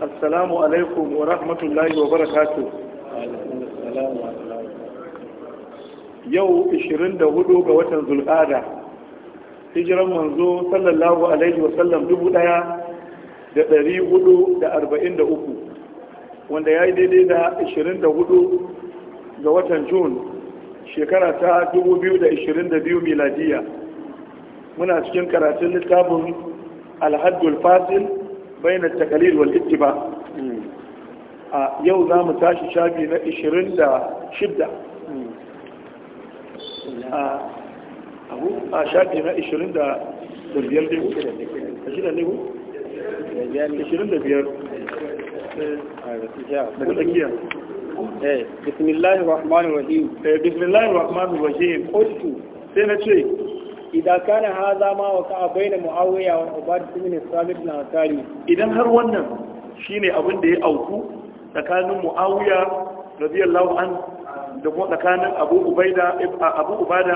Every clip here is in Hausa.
assalamu alaikum wa rahmatullahi wa barakatu yau 24 ga watan zulqada hijiran manzo sallallahu alaihi wa sallam dubu daya da ɗari hudu da arba'in da uku wanda ya yi daidai da hudu ga watan jun shekara ta biyu miladiya muna cikin karatun littafin alhaddul fasil بين التكاليل والاتباع آه، يو زام تاشي شاقي نئشرين دا شدة آه، آه، شاقي نئشرين دا بيال ديو أشيلا ليو دا بيال إيه، بسم الله الرحمن الرحيم إيه، بسم الله الرحمن الرحيم قلت سنة شيء إذا كان هذا ما وقع بين معاوية وعبادة بن الصامت الأنصاري إذا هر wannan shine abin da ya auku tsakanin Muawiya radiyallahu an da tsakanin Abu Ubada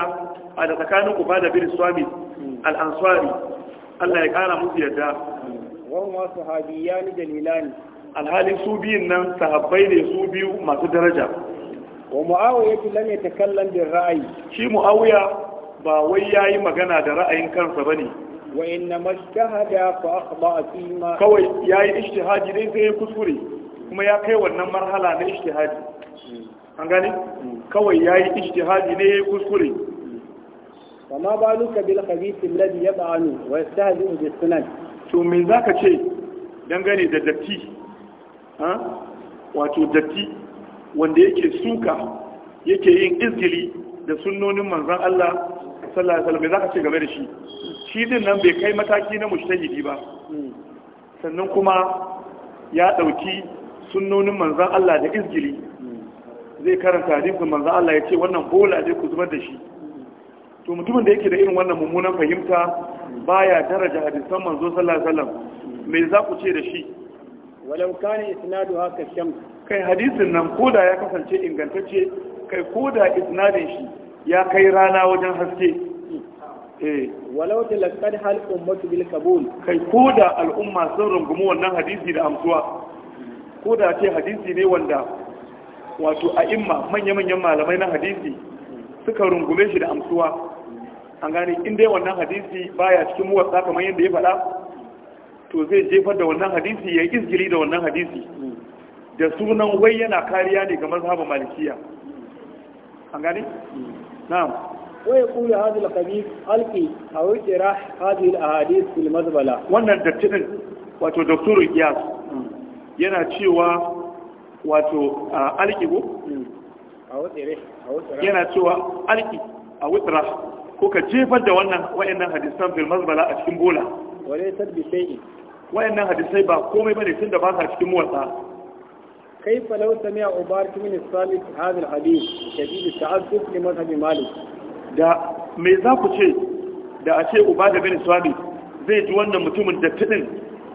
a da tsakanin Ubada bin Swami al-Ansari Allah ya kara musu yadda wannan sahabiyan dalilan alhalin su biyun nan sahabbai ne su biyu masu daraja wa Muawiya ta yatakallam bil shi Muawiya ba wai yayi magana da ra'ayin kansa bane wa inna majtahada fa akhda fi kawai yayi ijtihadi dai sai kuskure kuma ya kai wannan marhala na ishtihadi an gane kawai yayi ishtihadi ne yayi kuskure ba وما بالك yab'anu wa يطعن ويستهزئ sunan to me zaka ce dangane da datti ha wato datti wanda yake suka yake yin izgili da sunnonin manzon Allah sallallahu alaihi wasallam zaka ce game da shi shi din nan bai kai mataki na mujtahidi ba sannan kuma ya dauki sunnonin manzon Allah da izgili zai karanta hadisin manzon Allah ya ce wannan bola zai ku zubar da shi to mutumin da yake da irin wannan mummunan fahimta baya daraja hadisan manzo sallallahu alaihi wasallam me za ku ce da shi walau kana isnadu haka shan? kai hadisin nan koda ya kasance ingantacce kai koda isnadin shi ya kai rana wajen haske eh. walau talaqqad hal ummatu bil kabul kai koda al'umma sun rungumi wannan hadisi da amsuwa ko da ce hadisi ne wanda wato a imma manya-manyan malamai na hadisi suka rungume shi da amsuwa an gane in dai wannan hadisi baya cikin muwatsa kamar yadda ya faɗa to zai jefar da wannan hadisi ya yi izgili da wannan hadisi da sunan wai yana kariya ne ga mazhabin malikiya an gane na'am wa yaqulu hadha al-khabith alqi aw ikra hadhihi ahadith fil mazbala wannan dattin wato doktorul qiyas yana cewa wato alqi go hmm. yana cewa alqi a wutra ko ka jefar da wannan wayannan hadisan fil mazbala a cikin bola wale tabbi shay'in wayannan hadisai ba komai bane tunda ba sa cikin motsa كيف لو سمع أبارك من الثالث هذا الحديث شديد التعذب لمذهب مالك da me za ku ce da a ce uba da bin swami zai wannan mutumin da tudin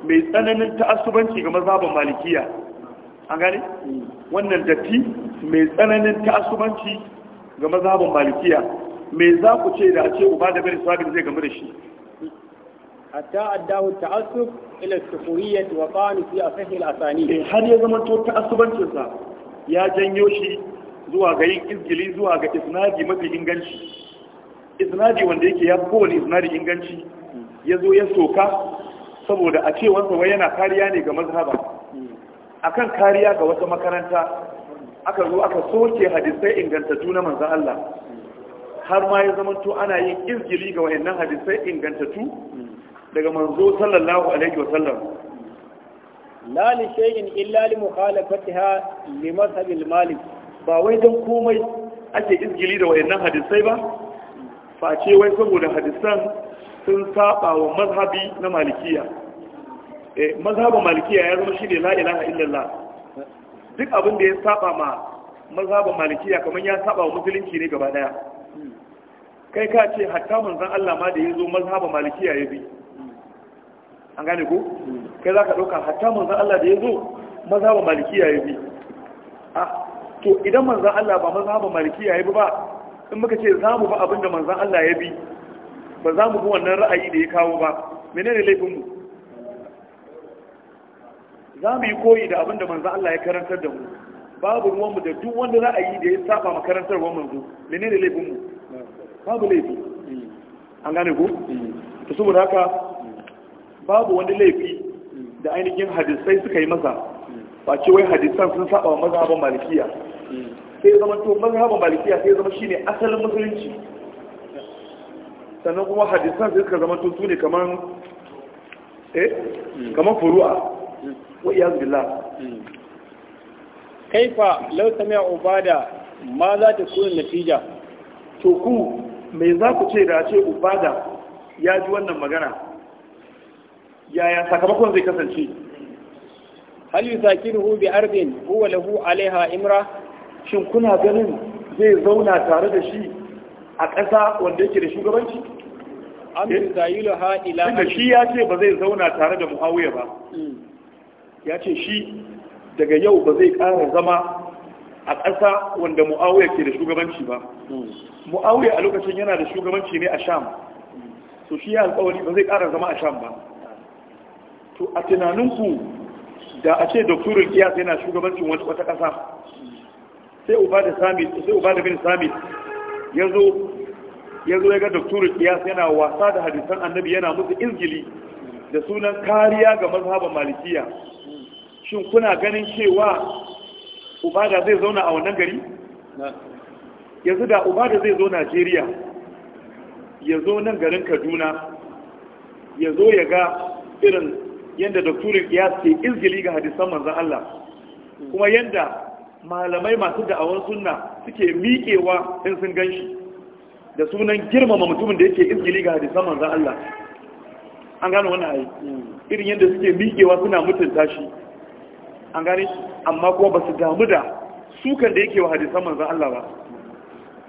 mai tsananin ta'assubanci ga mazhaban malikiya an gane wannan datti mai tsananin ta'assubanci ga mazhaban malikiya me za ku ce da a ce uba da bin swami zai gamu da shi hatta addahu ta'assub ila sukhuriyyah wa qani fi asahil asani har ya zama to ta'assubancin sa ya janyo shi zuwa ga yin izgili zuwa ga isnadi mafi inganci isnadi wanda yake ya kowane isnadi inganci ya zo ya soka saboda a ce wansa wai yana kariya ne ga mazhaba akan kariya ga wata makaranta aka zo aka soke hadisai ingantattu na manzan Allah har ma ya zamanto ana yin izgili ga wayannan hadisai ingantattu daga manzo sallallahu alaihi wasallam la li shay'in illa li mukhalafatiha li madhhab al malik ba wai dan komai ake izgili da wayannan hadisai ba face wai saboda hadisan sun saba wa mazhabi na malikiya eh madhhabu malikiya ya zama shine la ilaha illallah duk abin da ya saba ma mazhabin malikiya kamar ya saba wa musulunci ne gaba daya kai ka ce hatta manzon Allah ma da ya zo mazhabin malikiya ya bi an gane ko kai za ka ɗauka hatta manzan Allah da ya zo ba malikiya ya bi a to idan manzan Allah ba ba malikiya ya bi ba in muka ce za mu ba abin da manzan Allah ya bi ba za mu bi wannan ra'ayi da ya kawo ba menene laifin mu za mu yi koyi da abin da manzan Allah ya karantar da mu babu ruwanmu da duk wanda ra'ayi da ya saba makarantar wa manzo menene laifin mu babu laifi an gane ko mm. to saboda haka babu wani laifi da ainihin hadisai suka yi maza, ba ce wai hadisan sun saba wa mazhaban malikiya sai zama to mazhaban malikiya sai zama shine asalin musulunci sannan kuma hadisan sai suka zama to su ne kamar eh kamar furu'a wa iyaz billah kaifa law sami'a ubada ma za ta kuna natija to ku me za ku ce da ce ubada ya ji wannan magana yaya sakamakon zai kasance hal yusakinuhu bi ardin huwa lahu alaiha imra shin kuna ganin zai zauna tare da shi a ƙasa wanda yake da shugabanci amir eh? zayilu ha ila da shi ya ce ba zai zauna tare da muawiya ba mm. ya ce shi daga yau ba zai ƙara zama a ƙasa wanda muawiya ke da shugabanci ba mm. muawiya a lokacin yana da shugabanci ne a sham mm. to shi ya alƙawari ba zai ƙara zama a sham ba to a tunaninku da a ce doktorin kiyas yana shugabancin wata ƙasa sai uba da samit sai uba da bin samit ya zo ya ga doktorin kiyas yana wasa da hadisan annabi yana musu izgili da sunan kariya ga mazhaban malikiya shin kuna ganin cewa ubada zai zauna a wannan gari yanzu da ubada zai zo najeriya ya zo nan garin kaduna ya zo ya ga irin yadda doktorin ya ke izgili ga hadisan manzan Allah kuma yadda malamai masu da'awar sunna suke miƙewa in sun gan shi da sunan girmama mutumin da yake izgili ga hadisan manzan Allah an gano wani ayi hmm. irin yadda suke miƙewa suna mutunta shi an gane amma kuma ba su damu da sukan da yake wa hadisan manzan Allah ba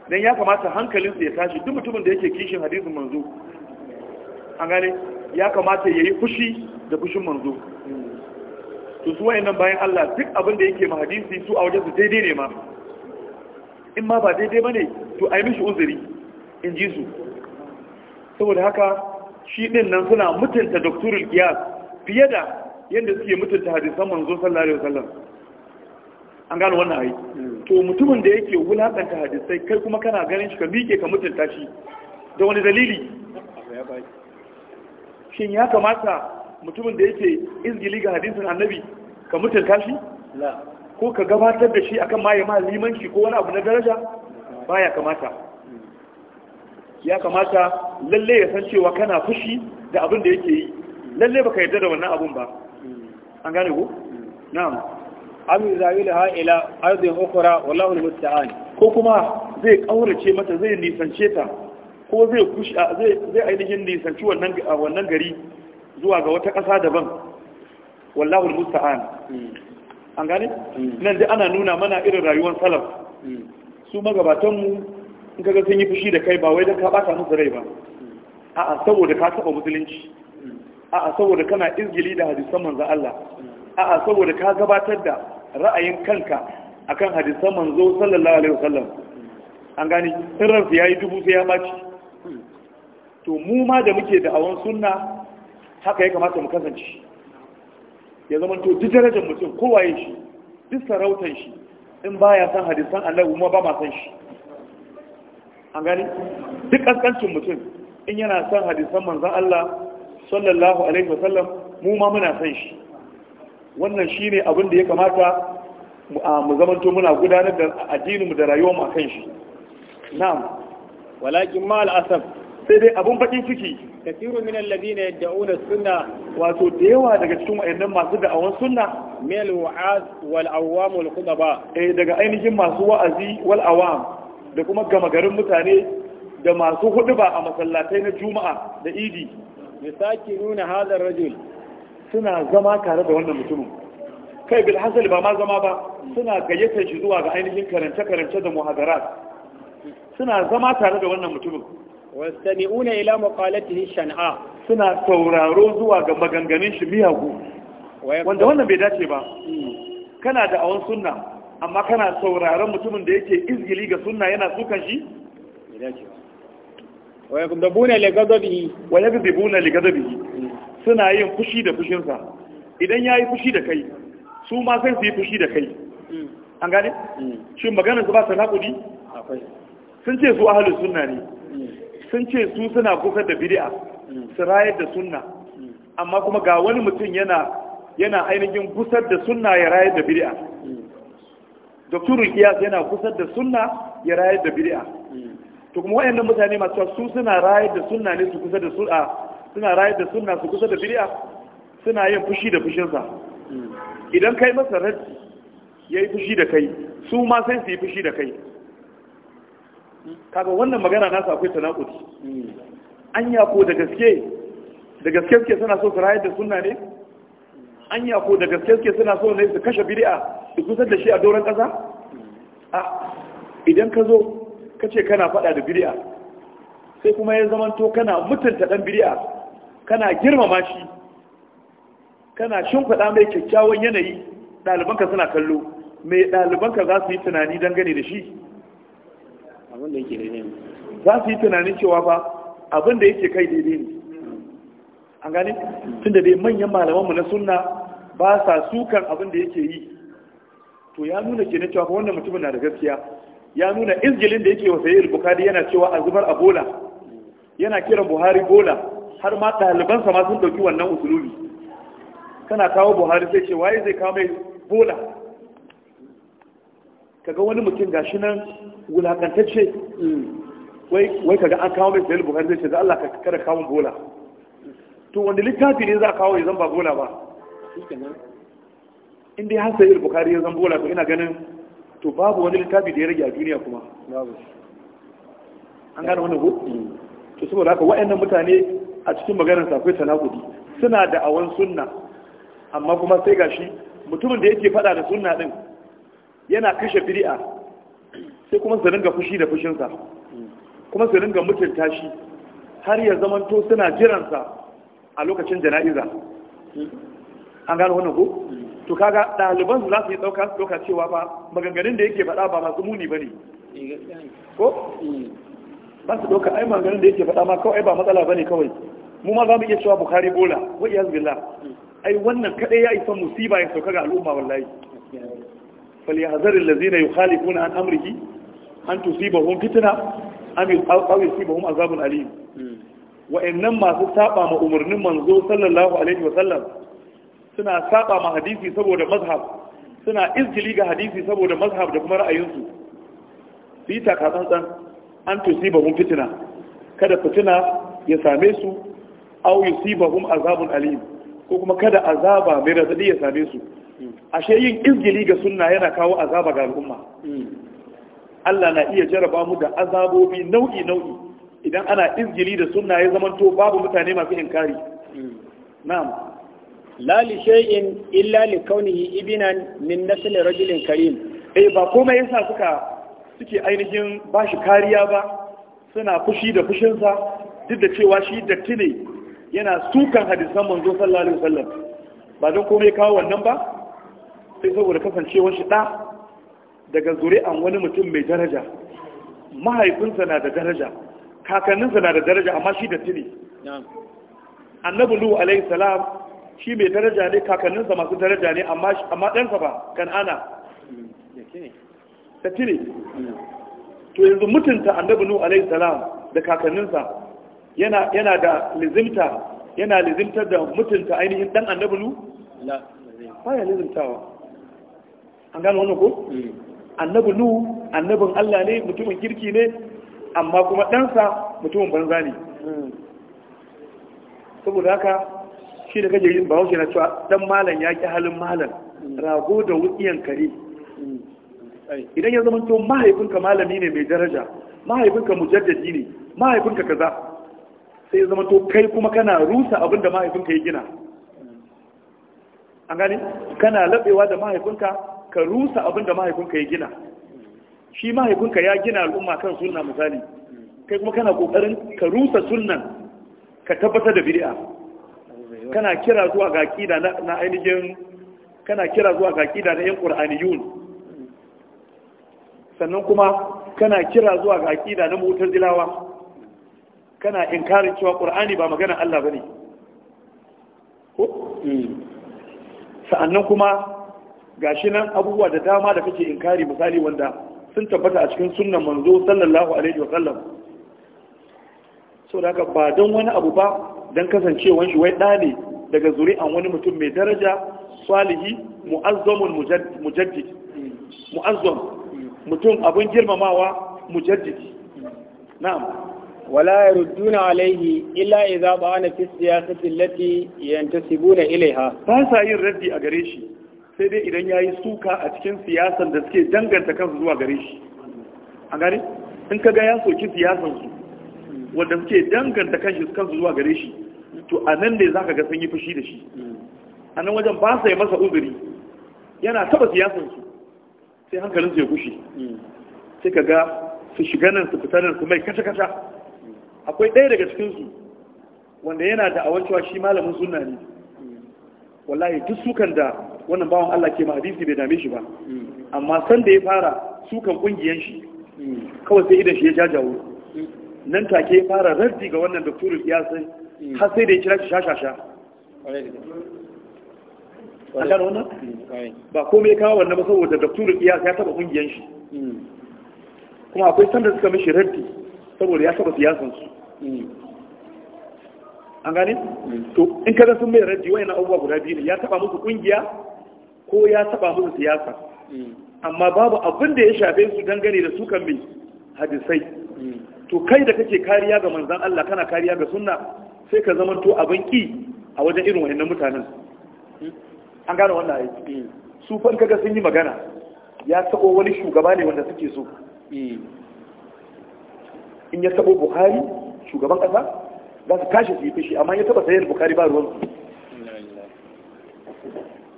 don ya kamata hankalinsu ya tashi duk mutumin da yake kishin hadisin manzo an gane ya kamata ya yi fushi da fushin manzo to su nan bayan Allah duk abin da yake mahadisi su a wajen su daidai ne ma in ma ba daidai ba ne to ai mishi uzuri in ji su saboda haka shi ɗin nan suna mutunta doktorul kiyas fiye da yadda suke mutunta hadisan manzo sallallahu alaihi sallam an gano wannan ayi. to mutumin da yake wulaƙanta hadisai kai kuma kana ganin shi ka miƙe ka mutunta shi da wani dalili shin ya kamata mutumin da yake izgili ga hadisin annabi ka mutunta shi ko ka gabatar da shi akan maye ma limanci ko wani abu na daraja baya kamata ya kamata lalle ya san cewa kana fushi da abin da yake yi lalle baka yarda da wannan abun ba an gane ko na'am am yuzawilaha ila ardin ukhra wallahu almusta'an ko kuma zai kaurace mata zai nisance ta ko zai kushi zai zai ainihin nisanci wannan gari zuwa ga wata ƙasa daban wallahu musta'an hmm. an gane hmm. nan dai ana nuna mana irin rayuwar salaf hmm. su magabatanmu in kaga sun yi fushi da kai ba wai da ka bata musu rai ba a'a saboda ka taba musulunci a'a saboda kana izgili da hadisan manzo Allah a'a saboda ka gabatar da ra'ayin kanka akan hadisan manzo sallallahu alaihi wasallam an gani irin ya yayi dubu sai ya baci to mu ma da muke da awon sunna haka ya kamata mu kasance ya zama to duk darajar mutum kowaye shi duk sarautar shi in baya san hadisan Allah kuma ba ma san shi an gani duk kaskancin mutum in yana san hadisan manzon Allah sallallahu alaihi wasallam mu ma muna san shi wannan shine abin da ya kamata mu zamanto muna gudanar da addininmu da rayuwarmu akan shi na'am walakin ma al'asaf sai dai abun bakin ciki kasiru min alladhina yad'una sunna wato da yawa daga cikin wayannan masu da'awan sunna mil wa'az wal awam wal khudaba eh daga ainihin masu wa'azi wal awam da kuma gama garin mutane da masu huduba a masallatai na juma'a da idi Misaki nuna hadha rajul suna zama tare da wannan mutumin kai bil hasal ba ma zama ba suna gayyatar shi zuwa ga ainihin karance-karance da muhadarat suna zama tare da wannan mutumin wastami'una ila maqalatihi shan'a suna sauraro zuwa ga maganganun shi miyagu wanda wannan bai dace ba kana da awon sunna amma kana sauraron mutumin da yake izgili ga sunna yana tsukan shi wa yakdabuna li ghadabihi wa yakdabuna li ghadabihi hmm. suna yin fushi da sa idan yayi fushi da kai su ma sai su yi fushi da kai hmm. an gane hmm. Shin maganar su ba ta nakudi sun ce su ahlus sunna ne sun ce su suna kusa da bid'a su rayar da sunna amma kuma ga wani mutum yana yana ainihin kusar da sunna ya rayar da bid'a doktor kiyas yana kusar da sunna ya rayar da bid'a to kuma wayannan mutane masu su suna rayar da sunna ne su kusa da sunna suna rayar da sunna su kusa da bid'a suna yin fushi da sa idan kai masa raddi yayi fushi da kai su ma sai su yi fushi da kai kaga wannan magana nasa akwai tanakudi anya ko da gaske da gaske suke suna so su rayar da sunna ne anya ko da gaske suke suna so ne su kashe bid'a su kusar da shi a doron ƙasa a idan ka zo ka ce kana faɗa da bid'a sai kuma ya zamanto kana mutunta ɗan bid'a kana girmama shi kana shimfiɗa mai kyakkyawan yanayi ɗalibanka suna kallo mai ɗalibanka za su yi tunani dangane da shi abin yake daidai ne za su yi tunanin cewa fa abin da yake kai daidai ne an gani tun da dai manyan malamanmu na sunna ba sa sukan abin da yake yi to ya nuna ke na cewa fa wannan mutumin na da gaskiya ya nuna izgilin da yake wa yi bukhari yana cewa a zubar a bola yana kiran buhari bola har ma ɗalibansa ma sun ɗauki wannan usulubi kana kawo buhari sai ce waye zai kawo mai bola kaga wani mutum gashi nan wulakantacce wai kaga an kawo mai sayar buhari zai ce za Allah ka kada kawo bola to wanda littafi ne za a kawo ya zan ba bola ba in ya hasa yin buhari ya zan bola to ina ganin to babu wani littafi da ya rage a duniya kuma an gane wani ko to saboda haka waɗannan mutane a cikin maganar sa akwai tanakudi suna da awan sunna amma kuma sai gashi mutumin da yake faɗa da sunna din yana kashe firiya sai kuma su ringa fushi da fushinsa kuma su ringa mutunta shi har ya zamanto suna jiransa a lokacin jana'iza an gano wannan ko to kaga ɗaliban su za su yi ɗauka su ɗauka cewa ba maganganun da yake faɗa ba masu muni ba eh, ne ko ba su ɗauka ai maganganun da yake faɗa ma kawai ba matsala ba ne kawai mu ma za mu iya cewa bukari bola wa iya zubila hmm. ai wannan kaɗai ya isa musiba ya sauka ga al'umma wallahi فليحذر الذين يخالفون عن أمره أن تصيبهم فتنة أو يصيبهم عذاب أليم wa'annan masu saba ma umarnin manzo sallallahu alaihi wa sallam suna saba ma hadisi saboda mazhab suna izgili ga hadisi saboda mazhab da kuma ra'ayinsu su yi takatsantsan an tusibahum fitina kada fitina ya same su aw yusibahum azabun alim ko kuma kada azaba mai radadi ya same su ashe yin izgili ga suna yana kawo azaba ga al'umma Allah na iya jaraba mu da azabobi nau'i nau'i idan ana izgili da suna ya zamanto babu mutane masu inkari na'am lali shay'in illa li kaunihi ibnan min nasl rajulin karim eh ba komai yasa suka suke ainihin bashi kariya ba suna fushi da fushinsa duk da cewa shi datti ne yana sukan hadisan manzo sallallahu alaihi wasallam ba don komai kawo wannan ba sai saboda kasancewar shi ɗa daga zuri'an wani mutum mai daraja mahaifinsa na da daraja kakanninsa na da daraja amma shi da tuni annabu lu alaihi salam shi mai daraja ne kakanninsa masu daraja ne amma ɗansa ba kan'ana hmm, da tuni hmm. to yanzu mutunta annabu nu alaihi salam da kakanninsa yana da lizimta yana lizimtar da mutunta ainihin dan annabu nu ba ya lizimtawa an gano wannan ko hmm. annabi nu annabin Allah ne mutumin kirki ne amma kuma ɗansa mutumin banza ne hmm. saboda haka shi da kaje yin wuce na cewa dan malam ya ki halin malam hmm. rago da wutsiyan kare idan ya zama to mahaifinka malami ne mai daraja mahaifinka mujaddadi ne mahaifinka kaza sai ya zama to kai kuma kana rusa abin da mahaifinka ya gina an gani kana labewa da mahaifinka ka rusa abin da mahaifinka ya gina shi mahaifinka ya gina al'umma kan sunna misali kai kuma kana kokarin ka rusa sunnan ka tabbatar da bid'a kana kira zuwa ga aqida na ainihin kana kira zuwa ga aqida na yan qur'aniyun sannan kuma kana kira zuwa ga aqida na mu'tazilawa kana inkarin cewa qur'ani ba magana Allah bane ko hmm. sa'annan kuma gashi nan abubuwa da dama da kake inkari misali wanda sun tabbata a cikin sunnan manzo sallallahu alaihi wa sallam so da ba don wani abu ba don kasancewar shi wai ɗa ne daga zuri'an wani mutum mai daraja salihi mu'azzamun mujaddid mu'azzam mutum abin girmamawa mujaddid na'am wala yarduna alaihi illa idza ba'ana fi siyasati allati yantasibuna ilaiha ba sa yin raddi a gare shi sai dai idan ya yi suka a cikin siyasan da suke danganta kansu zuwa gare shi a gare in ka ga ya soki siyasansu wanda suke danganta kansu zuwa gare shi to a nan ne za ka ga sun yi fushi da shi a nan wajen ba sa yi masa uzuri yana taba siyasansu sai hankalinsu ya gushi sai ka ga su shiga nan su fita nan su mai kata-kata akwai ɗaya daga cikinsu wanda yana da awancewa shi malamin sunna ne wallahi duk sukan da wannan bawan Allah ke ma hadisi bai dame shi ba amma san da ya fara sukan kungiyar shi kawai sai idan shi ya jajawo nan take ya fara raddi ga wannan ya san har sai da ya kira shi shashasha an gano wannan ba komai kawo wannan ba saboda doktorul ya ya taba kungiyar shi kuma akwai sanda suka mishi raddi saboda ya taba siyasansu an gane to in kaga sun mai raddi wayan abubuwa guda biyu ne ya taba musu kungiya ko ya taba musu siyasa amma babu abin da ya shafe su dangane da sukan mai hadisai to kai da kake kariya ga manzan Allah kana kariya ga sunna sai ka zama to abin ki a wajen irin wannan mutanen an gane wannan ayi su fa kaga sun yi magana ya tabo wani shugaba ne wanda suke so in ya tabo Buhari shugaban kasa za su kashe su yi fushi amma ya taba sayar Buhari ba ruwan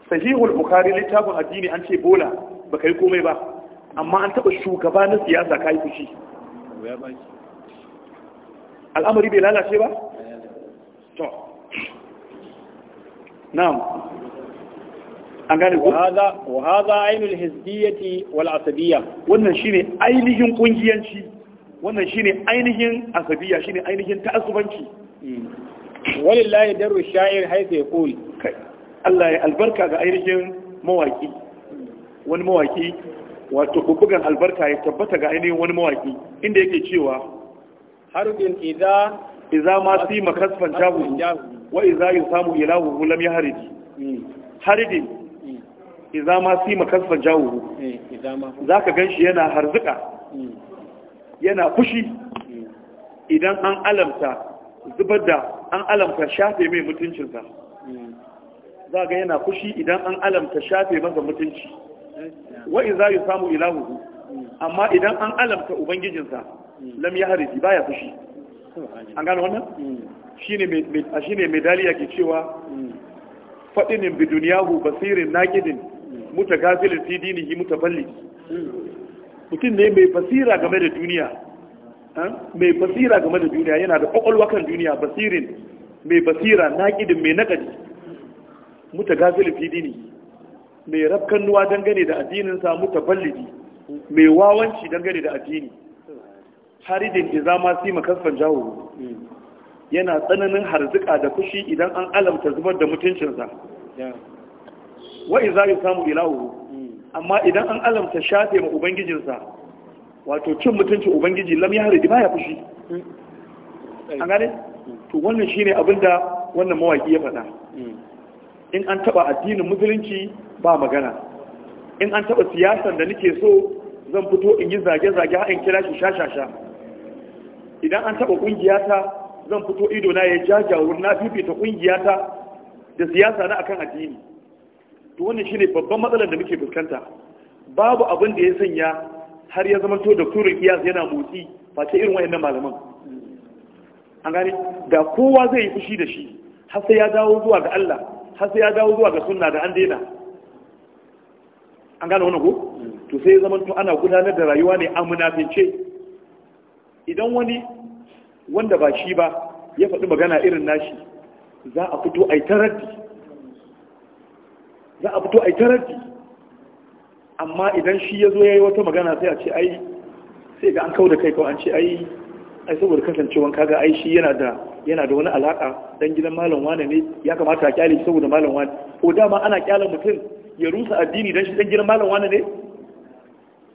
sahihul bukhari littafin addini an ce bola ba ka yi komai ba amma an taba shugaba na siyasa ka yi fushi al'amari bai lalace ba to na'am an gane ku hada wa hada ainul hizbiyati wal asabiyya wannan shine ainihin kungiyanci wannan shine ainihin asabiyya shine ainihin ta'assubanci hmm. walillahi daru sha'ir haythu yaqul Allah ya albarka ga ainihin mawaki wani mawaki wato bubugan albarka ya tabbata ga ainihin wani mawaki inda yake cewa harbin idza idza ma fi makasfan jahu wa idza yusamu ilahu lam yahrid hmm. haridin hmm. idza ma fi makasfan jahu hmm, zaka ganshi yana harzuka yana fushi idan an alamta zubar da an alamta shafe mai mutuncinsa za ga yana fushi idan an alamta shafe masa mutunci wa iza samu ilahu amma idan an alamta ubangijinsa lam ba ya fushi an gano wannan shine mai shine mai ke cewa fadinin bi duniyahu basirin naqidin mutagafilin fi dinihi mutafalli mutum ne mai basira game da duniya eh? mai basira game da duniya yana da kwakwalwa kan duniya basirin mai basira naƙidin mai naƙadi Muta fi dini mai rafkan dangane da addininsa muta ballidi mai wawanci dangane da addini haridin da zama si makasfan jawo yana tsananin harzika da fushi idan an alamta zubar da mutuncinsa wa iza samu ilahu amma idan an alamta shafe ma ubangijinsa wato cin mutuncin ubangiji lam ya haridi baya kushi an gane to wannan shine abinda wannan mawaki ya faɗa in an taba addinin musulunci ba magana in an taba siyasan da nake so zan fito in yi zage-zage har in kira shi shashasha idan an taba ƙungiyata, zan fito ido na ya wurin na fifita kungiyata da siyasa na akan addini to wannan shine babban matsalar da muke fuskanta babu abin da ya sanya har ya zama to da turin iyas yana motsi face irin wayannan malaman an gane da kowa zai yi fushi da shi har sai ya dawo zuwa ga Allah har sai ya dawo zuwa ga sunna da an daina an gane wannan ko to sai ya zamanto ana gudanar da rayuwa ne a munafince idan wani wanda ba shi ba ya faɗi magana irin nashi za a fito a yi taraddi za a fito a yi taraddi amma idan shi ya zo ya yi wata magana sai a ce ai sai ga an kawo da kai kawai an ce ai ai saboda kasancewan kaga ai shi yana da yana da wani alaka dan gidan malam wane ne ya kamata a kyale shi saboda malam wane ko dama ana kyale mutum ya rusa addini dan shi dan gidan malam wane ne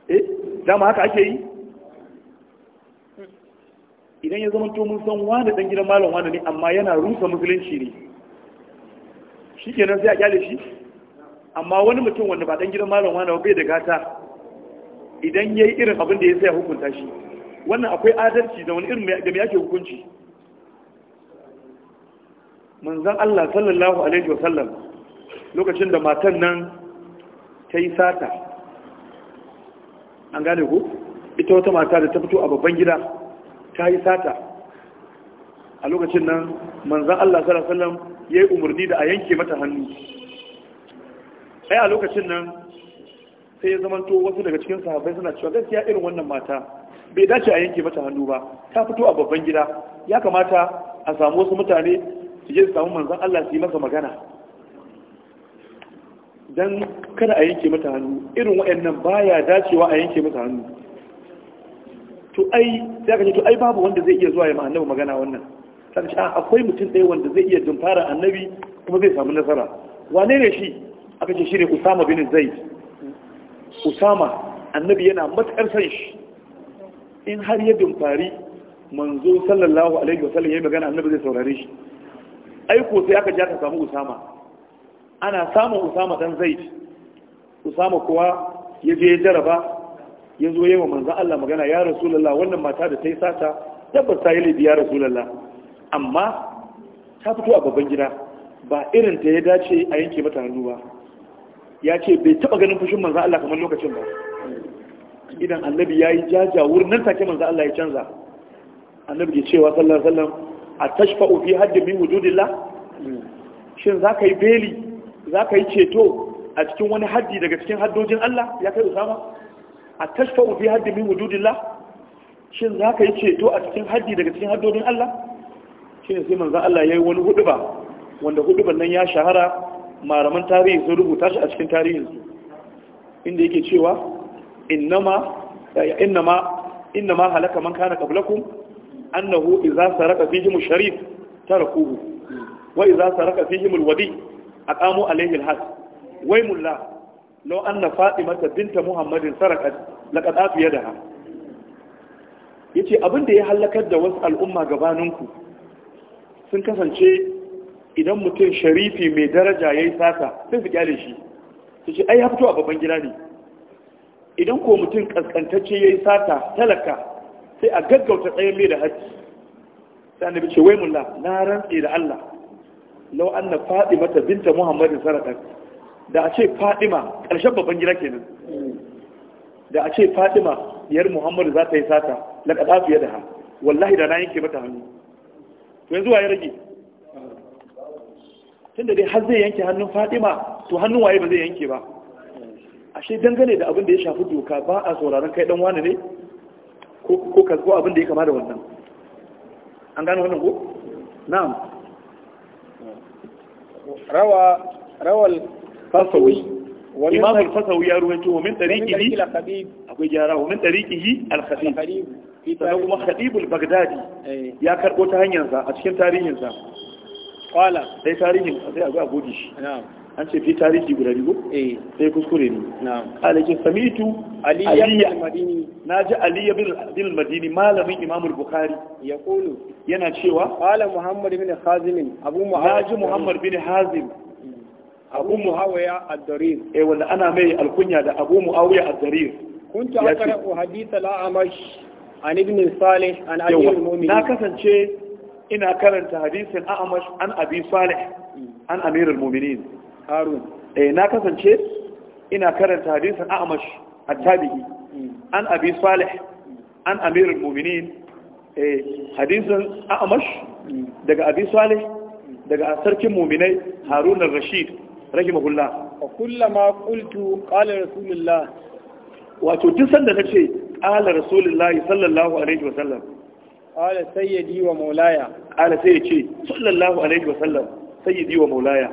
eh dama haka ake yi idan ya zama mun san wane dan gidan malam wane ne amma yana rusa musulunci ne shikenan sai a kyale shi amma wani mutum wanda ba dan gidan malam wane ba bai da gata idan yayi irin abin da ya sai hukunta shi wannan akwai adalci da wani irin da me yake hukunci manzan Allah sallallahu alaihi wasallam lokacin da matan nan ta yi sata an gane ku ita wata mata da ta fito a babban gida ta yi sata a lokacin nan manzan Allah sallallahu alaihi wasallam ya yi umarni da a yanke mata hannu Sai a lokacin nan sai ya zamanto wasu daga cikin sahabbai suna cewa gaskiya irin wannan mata bai dace a yanke mata hannu ba ta fito a babban gida ya kamata a samu wasu mutane suke je su samu manzan Allah su yi masa magana don kada a yanke mata hannu irin waɗannan ya dacewa a yanke mata hannu to ai sai ka ce to ai babu wanda zai iya zuwa ya annabi magana wannan sai shi ah, akwai mutum ɗaya wanda zai iya dumfara annabi kuma zai samu nasara wane ne shi aka ce ne Usama bin zai Usama annabi yana matakar san shi in har ya dumfari manzo sallallahu alaihi wasallam yi magana annabi zai saurare shi aiko sai aka ja ta samu usama ana samun usama dan zaid usama kuwa ya je ya jaraba ya zo yawan manzan Allah magana ya rasulallah wannan mata da ta yi sata tabbas ta yi laifi ya rasulallah amma ta fito a babban gida ba irin ta ya dace a yanke mata hannu ba ya ce bai taba ganin fushin manzan Allah kamar lokacin ba idan annabi ya yi jajawur nan take manzan Allah ya canza annabi ke cewa sallallahu alaihi wasallam a tashfa ufi haddin min wujudillah hmm. shin za ka yi beli za ka yi ceto a cikin wani haddi daga cikin haddojin Allah ya kai usama a tashfa ufi haddin min wujudillah shin za ka yi ceto a cikin haddi daga cikin haddojin Allah shine sai manzon Allah ya yi wani huduba wanda huduban nan ya shahara malaman tarihi sun rubuta shi a cikin tarihinsu inda yake cewa innama eh, innama innama halaka man kana qablakum annahu idza saraka fihim sharif tarakuhu wa idza saraka fihim alwadi aqamu alayhi alhas wai mulla law anna fatimata binta muhammadin sarakat laqad afi yadaha yace abinda ya halakar da wasu al'umma gabaninku sun kasance idan mutum sharifi mai daraja ya yi sata sai su kyale shi su ce ai fito a babban gida ne idan ko mutum kaskantacce ya yi sata talaka sai a gaggauta tsayen mai da hajji sai annabi ce wai mulla na rantsi da Allah law anna mata binta muhammadin sarakat da a ce fatima ƙarshen babban gida kenan da a ce fatima yar muhammadu za ta yi sata laƙaɗa fiye da ha wallahi da na yanke mata hannu to yanzu waye rage tun da dai har zai yanke hannun fatima to hannun waye ba zai yanke ba ashe dangane da abin da ya shafi doka ba a sauraron kai dan wani ne ko ko abin da ya kama da wannan an gano wannan ko na'am rawa rawal fasawi imam al-fasawi ya ruwaito wa min tariqihi akwai jara wa min tariqihi al-khatib sannan kuma khatib al-baghdadi eh. ya karbo ta hanyar sa a cikin tarihin sa qala sai tarihin sai a ga gode shi na'am an ce fi tarihi guda biyu eh sai kuskure ne na'am samitu aliya madini naji aliya bin madini malamin imamul bukhari ya kulu yana cewa qala muhammad bin hazim abu muhammad naji muhammad bin hazim hmm. abu muawiya ad eh wanda ana mai alkunya da abu muawiya al-amash an ibn salih an abi al na kasance ina karanta hadisin a'amash an abi salih hmm. an amirul mu'minin harun eh na kasance ina karanta hadisin a'mash at-tabi'i an abi salih an amirul mu'minin eh hadisin a'mash daga abi salih daga sarkin mu'minai harun ar-rashid rahimahullah wa kullama qultu qala rasulullah wato duk sanda nace qala rasulullah sallallahu alaihi wa wasallam قال سيدي ومولاي قال سيدي صلى الله عليه وسلم سيدي ومولاي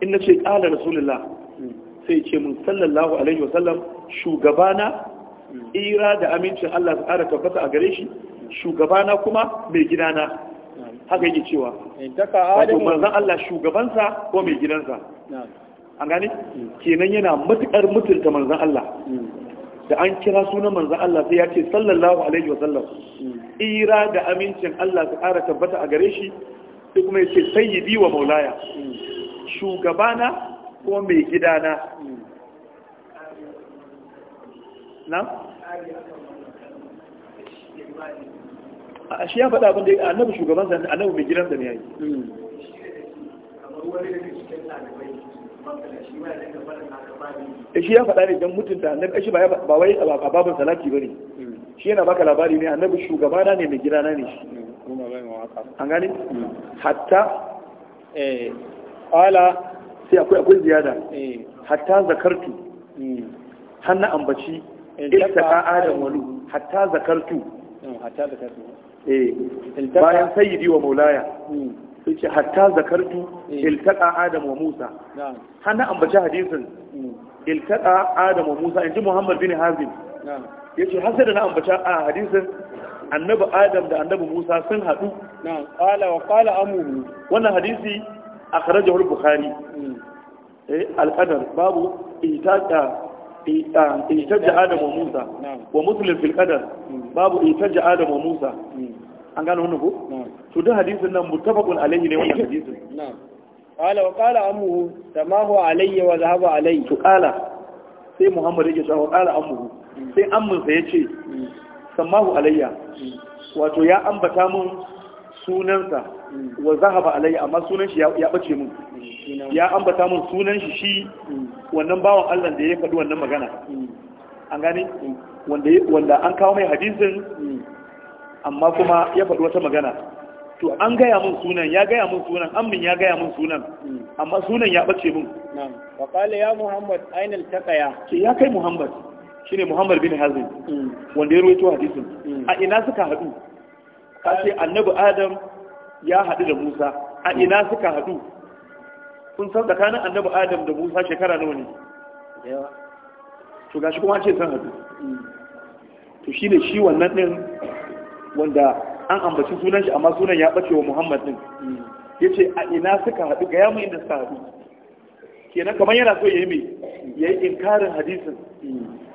in na ce ƙala rasulullah sai ce mun sallallahu alaihi wasallam shugabana ira da amincin Allah su ƙara tabbata a gare shi shugabana kuma mai gidana haka yake cewa wato manzan Allah shugabansa ko mai gidansa an gane kenan yana matuƙar mutunta manzan Allah da an kira sunan manzan Allah sai ya ce sallallahu alaihi wasallam ira da amincin Allah su ƙara tabbata a gare shi sai kuma ya ce sayyidi wa maulaya shugabana ko mai gidana na? a shi ya faɗa abinda ya annabi shugabansa annabi mai da ne ya yi e shi ya faɗa ne don mutunta annabi eh, shi ba wai a babin salati ba ne shi yana baka labari ne annabi shugabana ne mai gidana ne shi an gani hmm. hatta eh, Ƙwala sai akwai akwai ziyada eh. hatta zakartu hmm. hanna ambaci eh, iltaqa adam walu hatta zakartu hmm, hatta zakartu eh bayan sayyidi wa maulaya hmm. sai ce hatta zakartu eh. iltaqa adam wa musa hanna ambaci hadisin iltaqa adam wa musa inji muhammad bin hazim yace har sai da na ambaci a hadisin annabi adam da annabi musa sun haɗu. na wa qala amuhu wannan hadisi akhrajahu al-bukhari eh al babu itaqa itajja musa wa muslim fil babu itajja adam musa an gano wannan ko to hadisin nan muttafaqun alayhi ne wannan hadisin na'am qala wa qala amuhu tamahu alayya zahaba alayhi to qala sai muhammad sai alayya wato ya ambata mun sunansa wa zahaba alayya amma sunan shi ya bace mun ya ambata mun sunan shi shi wannan bawan Allah da ya faɗi wannan magana an gane wanda wanda an kawo mai hadisin amma kuma ya faɗi wata magana to an gaya mun sunan ya gaya mun sunan amin ya gaya mun sunan amma sunan ya bace mun wa qala ya muhammad aina altaqaya ke ya kai muhammad shine muhammad bin hazim mm. wanda ya ruwaito hadisin mm. a ina suka haɗu ka ce annabi adam ya haɗu da musa a ina suka haɗu kun san tsakanin annabi adam da musa shekara nawa ne to gashi kuma ce san haɗu to shi ne shi wannan ɗin wanda an ambaci sunan shi amma sunan ya ɓace wa muhammad ɗin mm. ya ce a ina suka haɗu ga yamu inda suka haɗu kenan kamar yana so ya yi mai ya yi inkarin hadisin mm.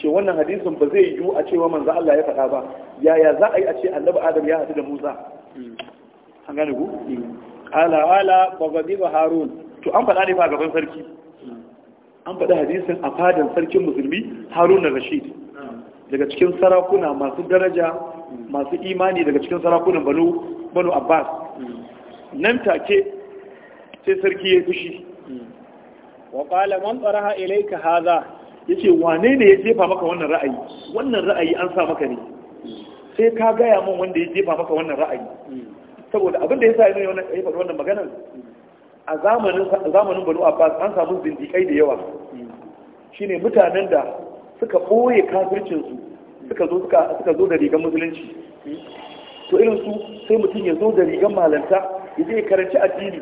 ce wannan hadisin ba zai yiwu a cewa manzo Allah ya faɗa ba yaya za a yi a ce annabi Adam ya haɗu da Musa an gane ku ala ala bagadi ba harun to an faɗa ne ba gaban sarki an faɗa hadisin a fadan sarkin musulmi harun na rashid daga cikin sarakuna masu daraja masu imani daga cikin sarakunan banu banu abbas nan take sai sarki ya fushi wa qala man tsaraha ilayka hadha yace wane ne ya jefa maka wannan ra'ayi wannan ra'ayi an sa maka ne sai ka gaya min wanda ya jefa maka wannan ra'ayi saboda abin da ya sa ya faɗi wannan maganar a zamanin banu abbas an samu zindikai da yawa shine mutanen da suka ɓoye kafircinsu suka zo da rigar musulunci to irin su sai mutum ya zo da rigar malanta ya je ya karanci addini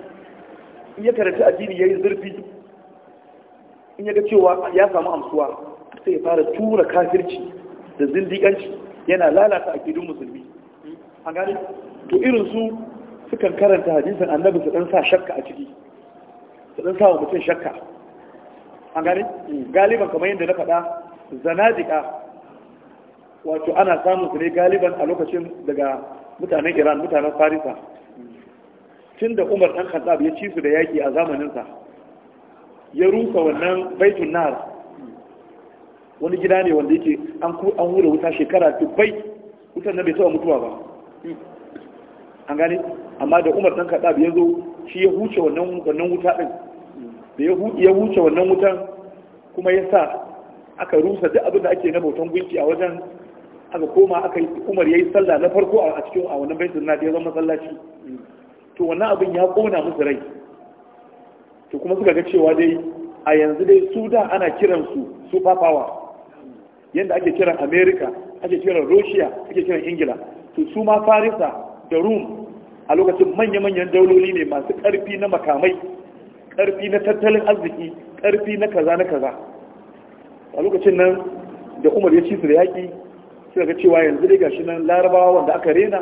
in ya karanci addini ya yi zurfi in ya ga cewa ya samu amsuwa sai ya fara tura kafirci da zindiganci yana lalata akidun musulmi an gane to irin su sukan karanta hadisin annabi su dan sa shakka a ciki su dan sa wa mutum shakka an gane galiban kamar yadda na faɗa zanadika wato ana samun su ne galiban a lokacin daga mutanen iran mutanen farisa tun da umar ɗan khattab ya ci su da yaƙi a zamaninsa ya rusa wannan baitun nar wani gida ne wanda yake an an hura wuta shekara dubbai wutar na bai taba mutuwa ba an gane amma da umar dan kaɗa ya zo shi ya huce wannan wuta din da ya huce wannan wutan kuma ya sa aka rusa duk abin da ake na bautan gunki a wajen aka koma aka umar ya yi sallah na farko a cikin a wannan baitun na ya zama masallaci to wannan abin ya kona musu rai to kuma suka ga cewa dai a yanzu dai su da ana kiransu super power yadda ake kiran america ake kiran russia ake kiran ingila to su ma farisa da rum a lokacin manya-manyan dauloli ne masu karfi na makamai ƙarfi na tattalin arziki ƙarfi na kaza na kaza a lokacin nan da umar ya ci su da yaƙi suka ga cewa yanzu dai gashi nan larabawa wanda aka rena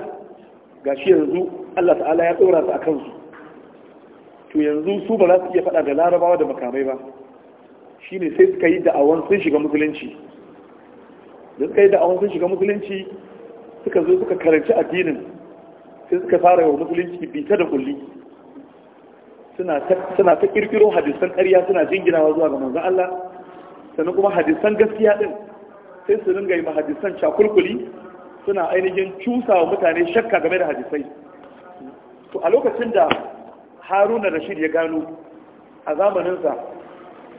gashi yanzu allah ta'ala ya tsora su a kansu to yanzu su ba za su iya faɗa da larabawa da makamai ba shine sai suka yi da'awon sun shiga musulunci da suka yi da'awon sun shiga musulunci suka zo suka karanci addinin sai suka fara wa musulunci bita da kulli suna ta kirkiro hadisan ƙarya suna jinginawa zuwa ga manzan Allah sannan kuma hadisan gaskiya din sai su ringa yi ma hadisan cakulkuli suna ainihin cusa wa mutane shakka game da hadisai to a lokacin da haruna rashid ya gano a zamaninsa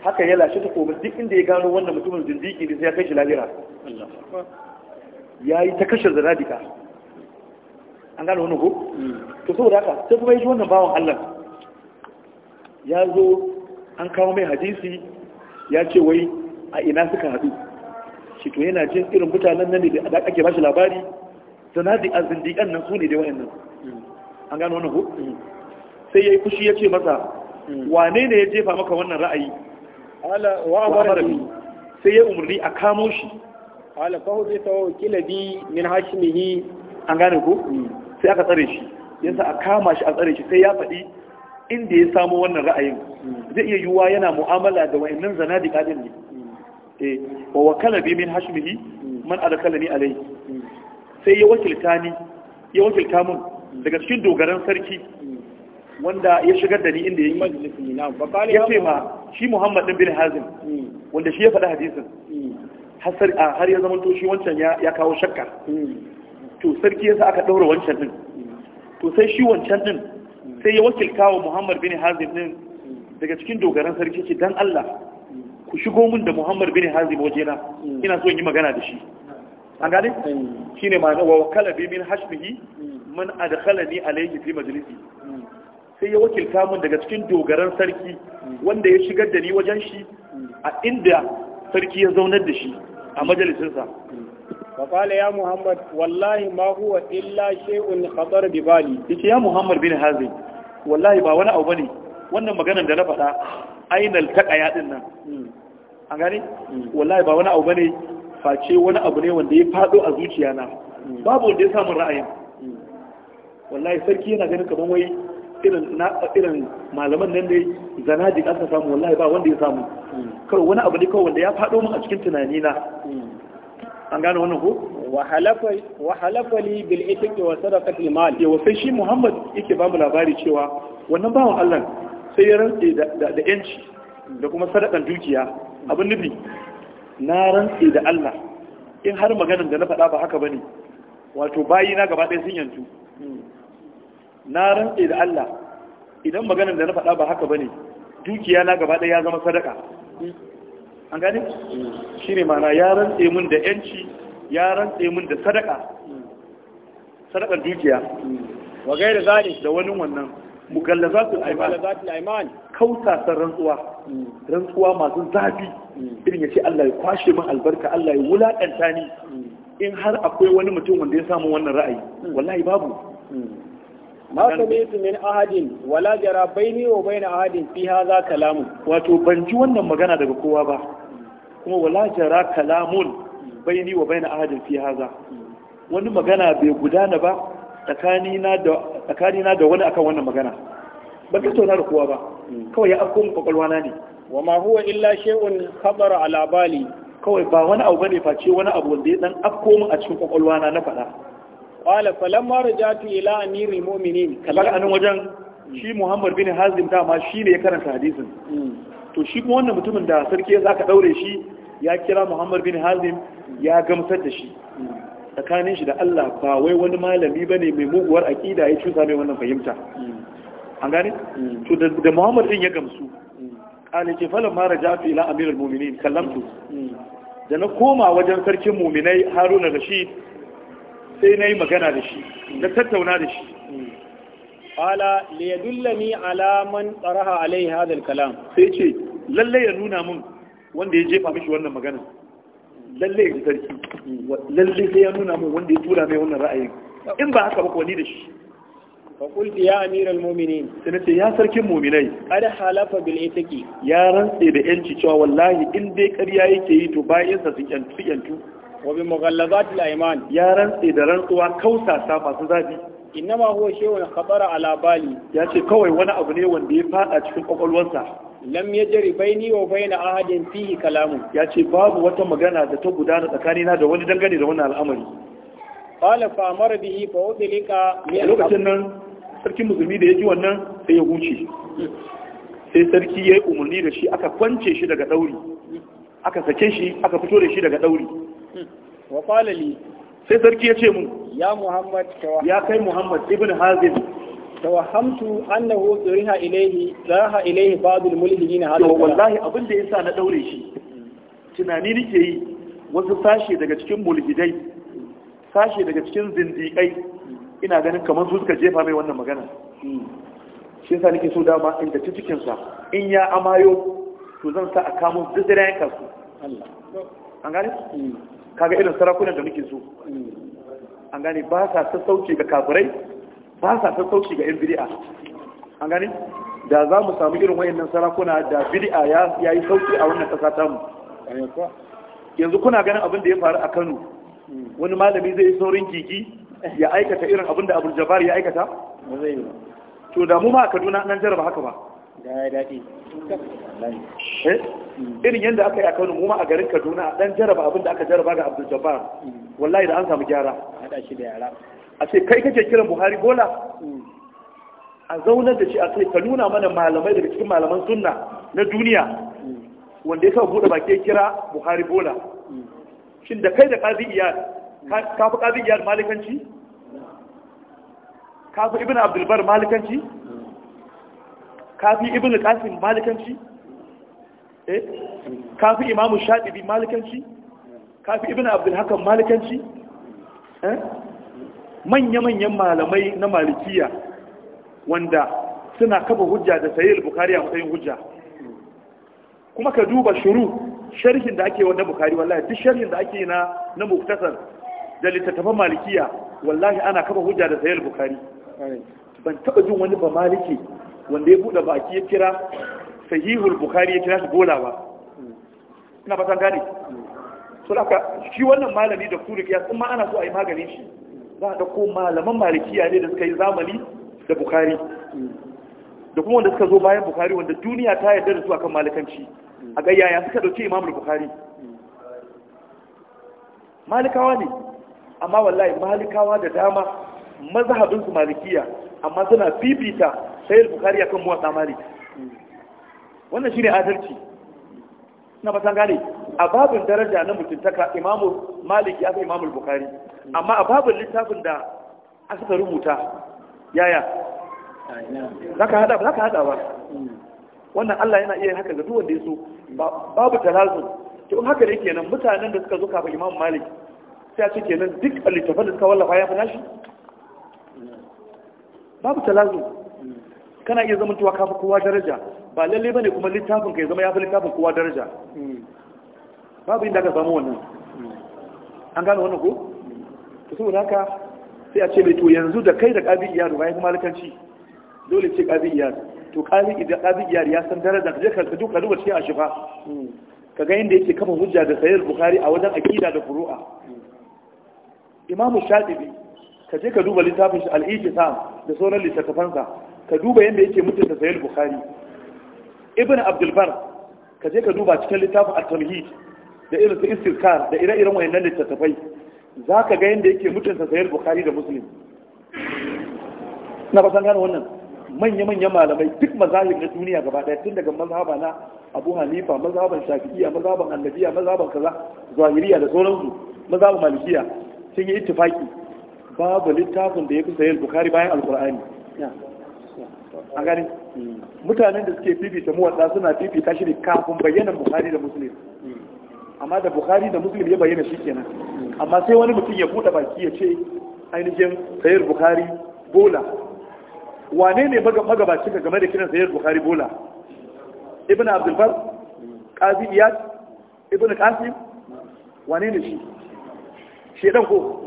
haka ya lashe ta komin duk inda ya gano wannan mutumin zindiki ne sai ya kai shi lahira ya yi ta kashe zanadika an gano wani ko? Hmm. to saboda haka sai kuma ya wannan bawan allah ya zo an kawo mai hadisi ya ce wai a ina suka haɗu shi to yana jin irin mutanen nan ne da ke ba shi labari zanadika zindikan nan su ne da nan? Hmm. an gano wani ko? Hmm. sai ya yi fushi ya ce masa hmm. wane ne ya jefa maka wannan ra'ayi sai ya umarni a kamo shi ala fa zai tawo kila bi min hashimihi an gane ko hmm. sai aka tsare shi Yanzu a kama shi a tsare shi sai ya faɗi inda ya samu wannan ra'ayin hmm. zai iya yiwuwa yana mu'amala da wa'annan zanadika din ne eh wa wakala bi min hashimihi man ni alai sai ya wakilta ni ya wakilta mun daga cikin dogaran sarki wanda ya shigar da ni inda ya yi ya ce ma shi muhammad ɗin bin hazin hmm. wanda shi ya faɗi hadisin hmm. har ya zamanto shi wancan ya kawo shakka hmm. to sarki yasa aka ɗaura wancan ɗin to sai shi wancan ɗin sai ya wakil kawo muhammad bin hazin ɗin daga cikin dogaran sarki ce dan allah ku shigo min da muhammad bin hazin wajena ina so in yi magana da shi an gane shine ma'ana wa wakala bi min hashmihi man adkhalani alayhi fi majlisi sai ya wakilta mun daga cikin dogaran sarki wanda ya shigar da ni wajen shi a inda sarki ya zaunar da shi a majalisinsa فقال ya Muhammad, wallahi ma huwa illa شيء خطر ببالي يتي ya Muhammad bin هازي Wallahi ba wani abu bane wannan maganar da na faɗa ainal taqaya din nan an gane wallahi ba wani abu bane face wani abu ne wanda ya fado a zuciya na babu wanda ya samun ra'ayin wallahi sarki yana ganin kamar wai irin na irin malaman nan dai zanadi aka samu wallahi ba wanda ya samu kawai wani abu ne kawai wanda ya faɗo mu a cikin tunani na an gane wannan ko wa halafa wa halafa li bil itiqi wa sadaqati mal ya wa sai shi Muhammad yake ba mu labari cewa wannan bawan Allah sai ya rantsi da da yanci da kuma sadakan dukiya abin nufi na rantsi da Allah in har maganar da na faɗa ba haka bane wato bayi na gaba ɗaya sun yanzu na rantse da Allah idan maganar da na faɗa ba haka bane dukiya na gaba ɗaya ya zama sadaka an gane shi ne mana ya rantse mun da yanci ya rantse mun da sadaka sadakar dukiya wa gaira zali da wani wannan mugallazatul aiman kauta san rantsuwa rantsuwa masu zafi irin ya ce Allah ya kwashe min albarka Allah ya wulakanta ni in har akwai wani mutum wanda ya samu wannan ra'ayi wallahi babu ma sami'tu min ahadin wala jara baini wa baina ahadin fi hadha kalamu wato ban ji wannan magana daga kowa ba kuma wala jara kalamun baini wa baina ahadin fi hadha wani magana bai gudana ba tsakanina da na da wani akan wannan magana ba ka tauna da kowa ba kawai ya afko mu kwakwalwa na ne wa ma huwa illa shay'un khabara ala bali kawai ba wani abu bane face wani abu wanda ya dan afko mu a cikin kwakwalwa na na faɗa qala falamma rajatu ila amiril mu'minin kaga anan wajen shi Muhammad bin Hazim dama shi ne ya karanta hadisin hmm. to shi kuma wannan mutumin da sarki ya zaka daure shi ya kira Muhammad bin Hazim ya gamsar da shi hmm. tsakanin shi da Allah ba wai wani malami bane mai muguwar akida ya cusa mai wannan fahimta hmm. an gane to da Muhammad din ya gamsu kale ke falan ma raja'tu ila amirul mu'minin kallamtu da na koma wajen sarkin mu'minai Haruna Rashid sai na yi magana da shi na tattauna da shi ala liyadullani ala alaman tsaraha alaihi hadal kalam sai ce lalle ya nuna mun wanda ya jefa mishi wannan magana lalle ya sarki lalle sai ya nuna mun wanda ya tura mai wannan ra'ayin in ba haka ba ko ni da shi فقلت يا أمير المؤمنين ya sarkin mu'minai مؤمني halafa bil بالإتكي Ya رنسي da yanci cewa wallahi in dai ƙarya yake yi to bayan sa su kyantu. wa bi mughallazati al-ayman ya rantse da rantsuwa kausa ta masu zafi innama huwa shay'un khabara ala bali ya ce kawai wani abu ne wanda ya fada cikin kwakwalwarsa lam yajri baini wa baina ahadin fihi kalamun ya ce babu wata magana da ta gudana tsakanina da wani dangane da wannan al'amari qala fa amara bihi fa udlika lokacin nan sarkin muzumi da ya wannan sai ya huce sai sarki ya yi umarni da shi aka kwance shi daga ɗauri aka sake shi aka fito da shi daga ɗauri wa sai sarki ya ce mun ya muhammad ya kai muhammad ibn hazim wahamtu annahu duriha ilayhi raha ilayhi ba'dul mulhiyin hada wallahi abin da yasa na daure shi tunani nake yi wasu sashe daga cikin mulhidai sashe daga cikin zindiƙai ina ganin kamar su suka jefa mai wannan magana shi yasa nake so dama in da cikin sa in ya amayo to zan sa a kamo duk da yanka su an gane mm. kaga irin sarakunan da muke so an gane ba sa sassauci ga kafirai ba sa sassauci ga yan bid'a an gane da za mu samu irin wayannan sarakuna da bid'a ya yi sauki a wannan kasa ta mu yanzu kuna ganin abin da ya faru a Kano hmm. wani malami zai yi saurin kiki? ya aikata irin abin da Abdul Jabbar ya aikata to da mu ma a Kaduna nan jarraba haka ba Eh? irin yadda aka yi a kano mu a garin kaduna a ɗan jaraba abin da aka jaraba ga abdul jabbar mm. wallahi da an samu gyara a ce kai kake kiran buhari bola mm. a zaunar da shi a sai ka nuna mana malamai daga cikin malaman sunna na duniya mm. wanda ya kawo buɗe baki kira buhari bola shin da kai da kazi iyad ka fi kazi malikanci ka fi ibn abdulbar malikanci kafi ibn qasim malikanci eh kafi imam Shadibi malikanci kafi ibn abdul hakan malikanci eh manya-manyan malamai na malikiya wanda suna kaba hujja da sayi bukari a matsayin hujja kuma ka duba shuru sharhin da ake wanda bukari wallahi duk sharhin da ake na na muktasar da littattafan malikiya wallahi ana kaba hujja da sayi bukari ban taba jin wani ba maliki wanda ya buɗe baki ya kira sahihul bukhari ya kira shi golawa ina san gane so aka shi wannan malami da furik ya ma ana so a yi maganin shi za a ɗauko malaman malikiya ne da suka yi zamani da bukhari da kuma wanda suka zo bayan bukhari wanda duniya ta yarda da su akan malikanci a ga yaya suka dauke imamul bukhari malikawa ne amma wallahi malikawa da dama mazhabin su malikiya amma suna fifita sai bukari akan muwatsa malik wannan shine adalci na ba gane a babin daraja na mutuntaka imamu malik ya fi imamu bukari amma a babin littafin da aka rubuta yaya za ka hada ba hada ba wannan Allah yana iya haka ga duk wanda ya so babu talazu to in haka ne kenan mutanen da suka zo kafin Imam Malik sai a ce kenan duk littafin da suka wallafa ya fi nashi babu talazu kana iya zama tuwa kafa kowa daraja ba lalle bane kuma littafin ka ya zama ya fi littafin kowa daraja babu inda ka samu wannan an gano wannan ko to wani haka sai a ce mai to yanzu da kai da kabi iyar ba kuma malikanci dole ce kabi iyar to kabi idan kabi iyar ya san daraja ka je ka ka duba a shifa ka ga inda yake kafa hujja da sayyid bukhari a wajen aqida da furu'a Imamu shafi'i ka je ka duba littafin shi al-ihtisam da sauran littafansa ka duba yadda yake mutunta sahih bukhari ibn abdul ka je ka duba cikin littafin at-tamhid da irin su istirkar da ire-iren wayannan littattafai za ka ga yadda yake mutunta sahih bukhari da muslim na ba san gane wannan manya-manyan malamai duk mazahib na duniya gaba daya tun daga mazhaba na abu hanifa mazhaban shafi'iyya mazhaban annabiya mazhaban kaza zahiriya da sauransu mazhaban malikiya sun yi ittifaki babu littafin da ya fi sahih bukhari bayan Al-Qur'ani. a gani mutanen da suke fifita muwatsa suna fifita shi ne kafin bayyana buhari da musulmi amma da buhari da musulmi ya bayyana shi kenan amma sai wani mutum ya buɗe baki ya ce ainihin sayar buhari bola wane ne magabacin ka game da kiran sayar buhari bola ibn abdulbar kazi iyad ibn kasim wane ne shi shedan ko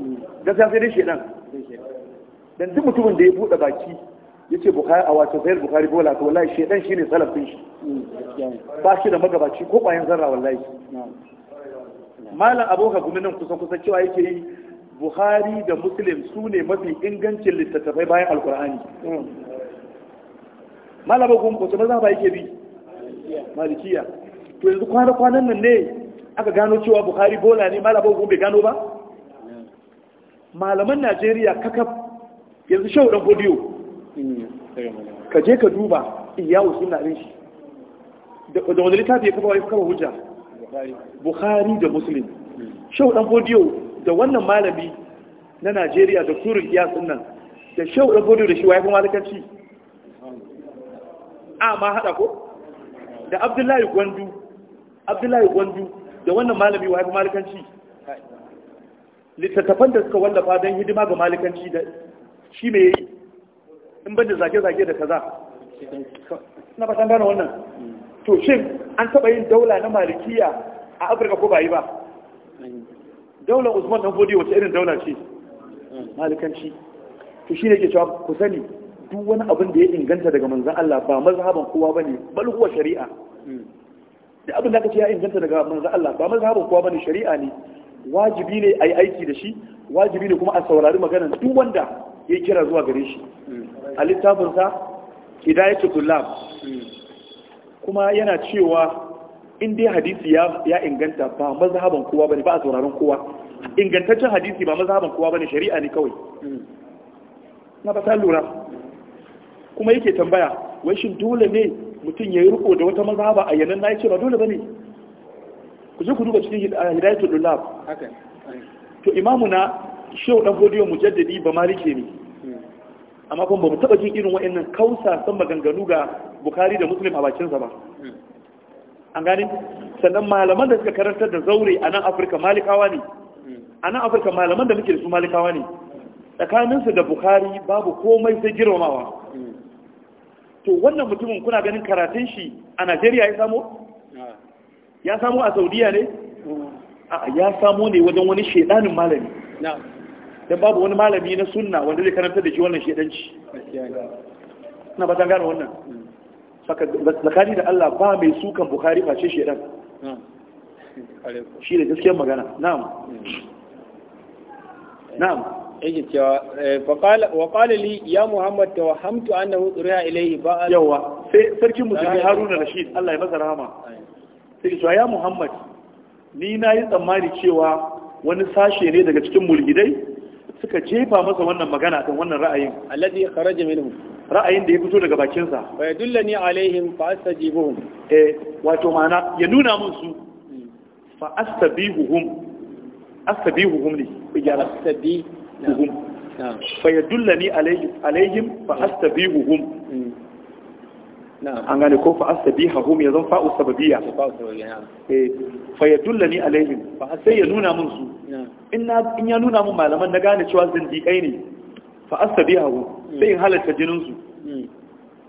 gaskiya sai dai shedan dan duk mutumin da ya buɗe baki yace bukhari a wato bayar bukhari bola to wallahi shedan shine salafin shi ba shi da magabaci ko bayan zarra wallahi malam aboka gumi nan kusa kusan cewa yake yi bukhari da muslim su ne mafi ingancin littattafai bayan alkur'ani malam aboka gumi kusan maza ba yake bi malikiya to yanzu kwana kwanan nan ne aka gano cewa bukhari bola ne malam aboka gumi bai gano ba malaman najeriya kakaf yanzu shaudan godiyo ka je ka duba iyawu suna ɗin shi da wani littafi ya kafa wani kama hujja bukhari da muslim shau dan bodiyo da wannan malami na najeriya da turin iya nan da shau dan bodiyo da shi ya kuma malakanci a ma haɗa ko da abdullahi gwandu abdullahi gwandu da wannan malami ya kuma malakanci littattafan da suka wallafa don hidima ga malakanci da shi mai yi in ban da zage-zage da kaza na fatan gane wannan to shi an taɓa yin daula na malikiya a afirka ko ba yi ba daular usman dan fodi wace irin daula ce malikanci to ne ke cewa ku sani duk wani abin da ya inganta daga manzan Allah ba mazhaban kowa ba ne, balhuwa shari'a duk abin da aka ce ya inganta daga manzan Allah ba mazhaban kowa ne shari'a ne wajibi ne a yi aiki da shi wajibi ne kuma a saurari maganar duk wanda ya kira zuwa gare shi a littafinsa hidayatu tulab kuma yana cewa in dai hadisi ya inganta ba mazhaban kowa bane ba a sauraron kowa ingantaccen hadisi ba mazhaban kowa bane shari'a ne kawai na ba ta lura kuma yake tambaya wai shin dole ne mutum ya yi riko da wata mazhaba a yanan na ya ce ba dole bane ku je ku duba cikin hidayatul lulab to imamu na shiwu dan godiyo mujaddadi ba malike ne hmm. amma kuma ba mu taba jin irin wa'annan san maganganu ga bukari da muslim a bakinsa ba hmm. an gane sannan malaman da suka karantar da zaure a nan afirka malikawa ne hmm. a nan afirka malaman da muke da su malikawa ne su da bukari babu komai sai girmamawa to wannan mutumin kuna ganin karatun shi a najeriya ya samo ah. ya samo a saudiya ne ya samo ne wajen wani shedanin malami don babu wani malami na sunna wanda zai karanta da shi wannan shaidanci ina ba ta gane wannan saka zakari da Allah ba mai sukan bukhari face shaidan shi da gaskiyar magana na'am na'am yake cewa eh, wa qala li ya muhammad tawhamtu annahu turiha ilayhi ba yawa sai sarkin musulmi haruna rashid Allah ya masa rahama sai cewa ya muhammad ni na yi tsammani cewa wani sashe ne daga cikin mulhidai suka jefa masa wannan magana kan wannan ra'ayin alladhi kharaja minhu ra'ayin da ya fito daga bakin sa wa yadullani alaihim fa astajibuhum eh wato ma'ana ya nuna mun su hmm. fa astabihuhum astabihuhum ne bijara astabihuhum fa yadullani alaihim fa hmm. astabihuhum hmm. an gane ko fa astabiha ya zan fa'u sababiyya eh fa yadullani alaihim fa sai ya nuna mun su in na in ya nuna mun malaman na gane cewa zan zindiƙai ne fa astabiha hum mm. sai in halatta jinin su mm.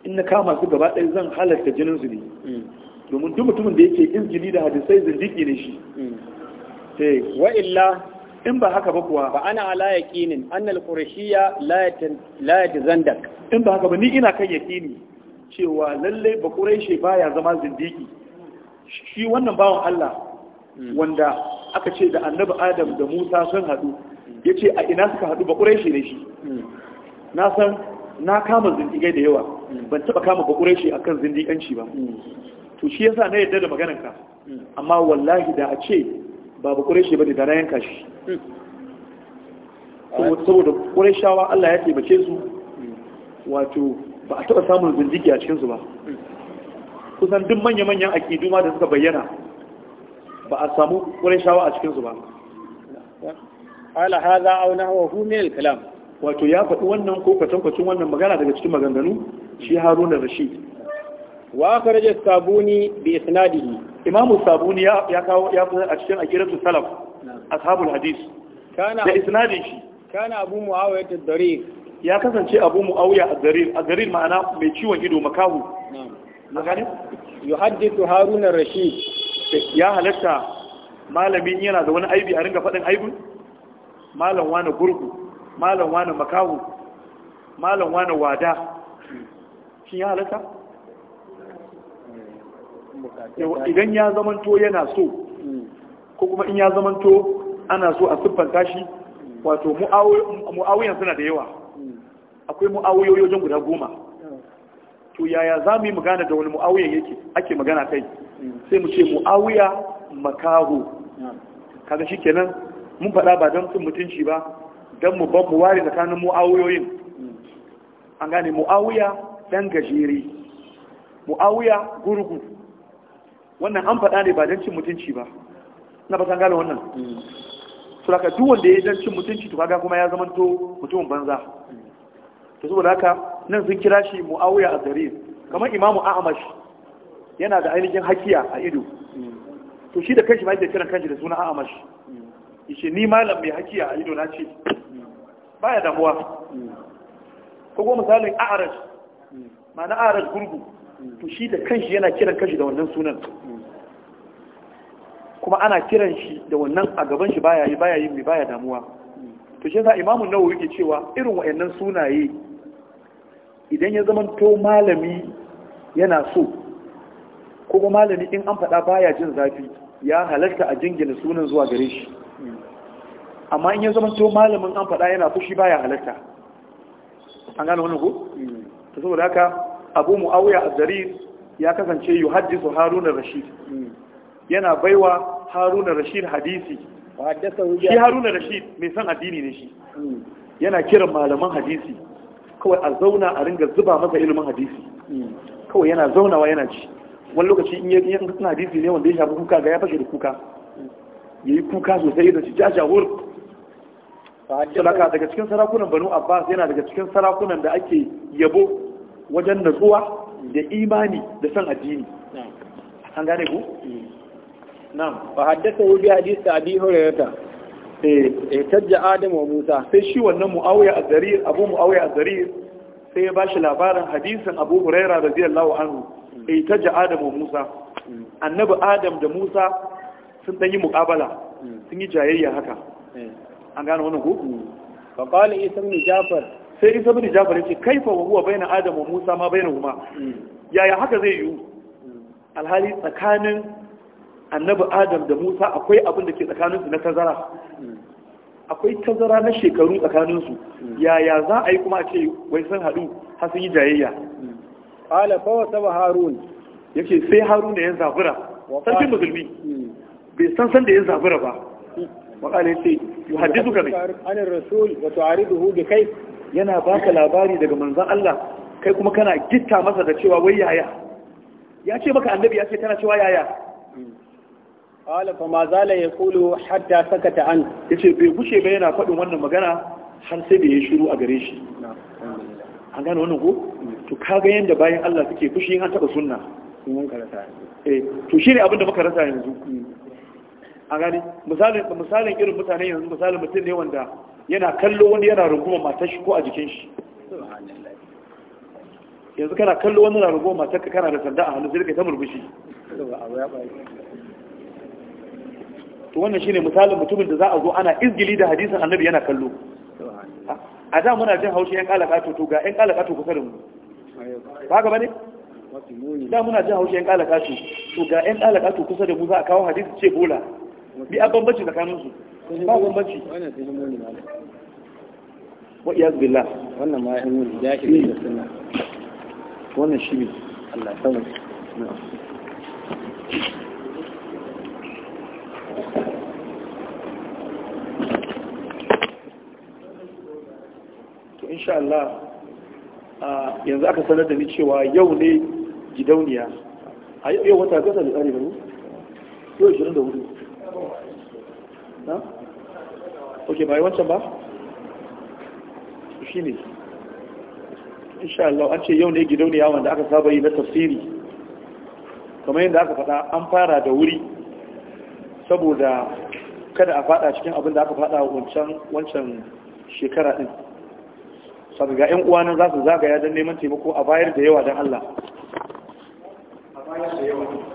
in na kama su gaba ɗaya zan halatta jinin su ne mm. domin duk mutumin da yake injili da hadisai zan zindiki ne shi eh. wa illa in ba haka ba kuwa ba ana ala yaqinin annal qurashiyya la la tazandak in ba haka ba ni ina kan yaqini cewa lallai bakurai shi baya zama zindiki shi wannan bawan Allah hmm. wanda aka ce da annabi Adam da Musa sun haɗu ya ce a ina suka haɗu bakurai shi ne shi hmm. na san na kama zindigai da yawa hmm. ban taɓa kama bakurai shi akan zindiganci ba to shi yasa na yadda da ka amma wallahi da a ce ba bakurai shi ba da na yanka shi saboda kurai shawa Allah ya taimake su wato ba a taɓa samun zindigi a cikinsu ba kusan duk manya-manyan aƙidu ma da suka bayyana ba a samu wurin shawa a cikinsu ba ala haza a nahwahu min al-kalam wato ya faɗi wannan ko kwatankwacin wannan magana daga cikin maganganu shi Haruna Rashid wa rage sabuni bi isnadihi imamu sabuni ya kawo ya a cikin akiratu salaf ashabul hadis da isnadin shi kana abu muawiya ad-dariq ya kasance abu auya a zarir a zarir ma'ana mai ciwon ido makahu magani yuhaddithu haruna rashid ya halatta malamin yana da wani aibi a ringa faɗin aibin malam wani gurgu malam wani makahu malam wani wada shi ya halatta idan ya zamanto yana so ko kuma in ya zamanto ana so a siffanta shi wato mu'awiyan suna da yawa akwai mu'awiyoyi wajen guda goma to yaya za mu yi magana da wani mu'awiya yake ake magana kai sai mu ce mu'awiya makaho kaga shi kenan mun faɗa ba don sun mutunci ba don mu ban mu ware tsakanin mu'awiyoyin an gane mu'awiya ɗan gajere mu'awiya gurgu wannan an faɗa ne ba don cin mutunci ba na ba gane wannan suraka duk wanda ya yi cin mutunci to kaga kuma ya zama to mutumin banza to saboda haka nan sun kira shi muawiya a zarir kamar imamu ahmash yana da ainihin hakiya a ido to shi da kanshi ma yake kiran kanshi da suna ahmash yace ni malam mai hakiya a ido na ce baya damuwa ko go misalin a'raj ma'ana a'raj gurgu to shi da kanshi yana kiran kanshi da wannan sunan kuma ana kiran shi da wannan a gaban shi baya yi baya yi mai baya damuwa to shi yasa imamu nawawi yake cewa irin wayannan sunaye idan ya zama to malami yana so kuma malami in an faɗa baya jin zafi ya halarta a jingina sunan zuwa gare shi amma in ya zama to malamin an faɗa yana fushi baya halarta an gane wannan ko to saboda haka abu muawiya az-zarir ya kasance yuhaddisu harun ar-rashid yana baiwa haruna rashid hadisi shi haruna rashid mai san addini ne shi hmm. yana kiran malaman hadisi kawai a zauna a ringa zuba masa ilimin hadisi hmm. kawai yana zaunawa yana ci wani lokaci in yi kasan hadisi ne wanda ya shafi kuka ga ya fashe da kuka ya yi kuka sosai da shi jaja wur daga cikin sarakunan banu abbas yana daga cikin sarakunan da ake yabo wajen natsuwa da imani da san addini an gane ku hmm. نعم فحدثه haddasa bi hadisi abi hurairata eh, eh tajja adam wa musa sai shi wannan muawiya az-zarir abu muawiya az-zarir sai ya bashi labarin hadisin abu huraira radiyallahu anhu eh tajja adam wa musa annabi adam da musa sun dan yi muqabala sun yi jayayya haka eh. an gane wannan ko hmm. fa isa ibn jafar sai isa ibn jafar yace kaifa wa huwa baina adam wa musa ma huma hmm. yaya haka zai yiwu hmm. alhali tsakanin annabi adam da musa akwai abin da ke tsakaninsu na tazara akwai tazara na shekaru tsakaninsu yaya za a yi kuma a ce wai sun haɗu har sun yi jayayya ala wa saba harun yake sai harun da ya zabura sarkin musulmi hmm. bai san san da ya zabura ba wakala ce yi haddisu bi. an anin rasul wa tu'ariduhu bi kai yana baka labari daga manzon Allah kai kuma kana gitta masa da cewa wai yaya ya ce maka annabi ya ce tana cewa yaya hmm. Kala fa ma zala kulu hatta sakata an ce bai gushe ba yana faɗin wannan magana har sai da ya shiru a gare shi an gane wannan ko mm. to ka ga yanda bayan Allah suke fushi an taɓa sunna eh to shi abin da muka rasa yanzu mm. an gane misalin misalin irin mutane yanzu misalin mutum ne wanda yana kallo wani yana runguma matar shi ko a jikin shi yanzu kana kallo wani yana runguma matar ka kana da sanda a hannu sai kai ta murmushi to wannan shine misalin mutumin da za a zo ana izgili da hadisin annabi yana kallo a da muna jin haushi yan kalaka to to ga yan kalaka to kusa da mu ba ga bane da muna jin haushi yan kalaka to to ga yan kalaka to kusa da mu za a kawo hadisi ce bola bi a bambanci tsakanin su ba bambanci wa iyaz billah wannan ma yan wuri shi da sunna wannan shi ne Allah ya insha Allah yanzu aka sanar da ni cewa yau ne gidauniya a yau wata kasa da tsari bane yau hudu? na ok ba yi wancan ba shi ne insha Allah an ce yau ne gidauniya wanda aka saba yi na tafsiri kamar yadda aka faɗa an fara da wuri saboda kada a fada cikin abin da aka fada wancan shekara din saka ga 'yan uwanan za su zagaya don neman taimako a bayar da yawa don Allah a bayar da yawa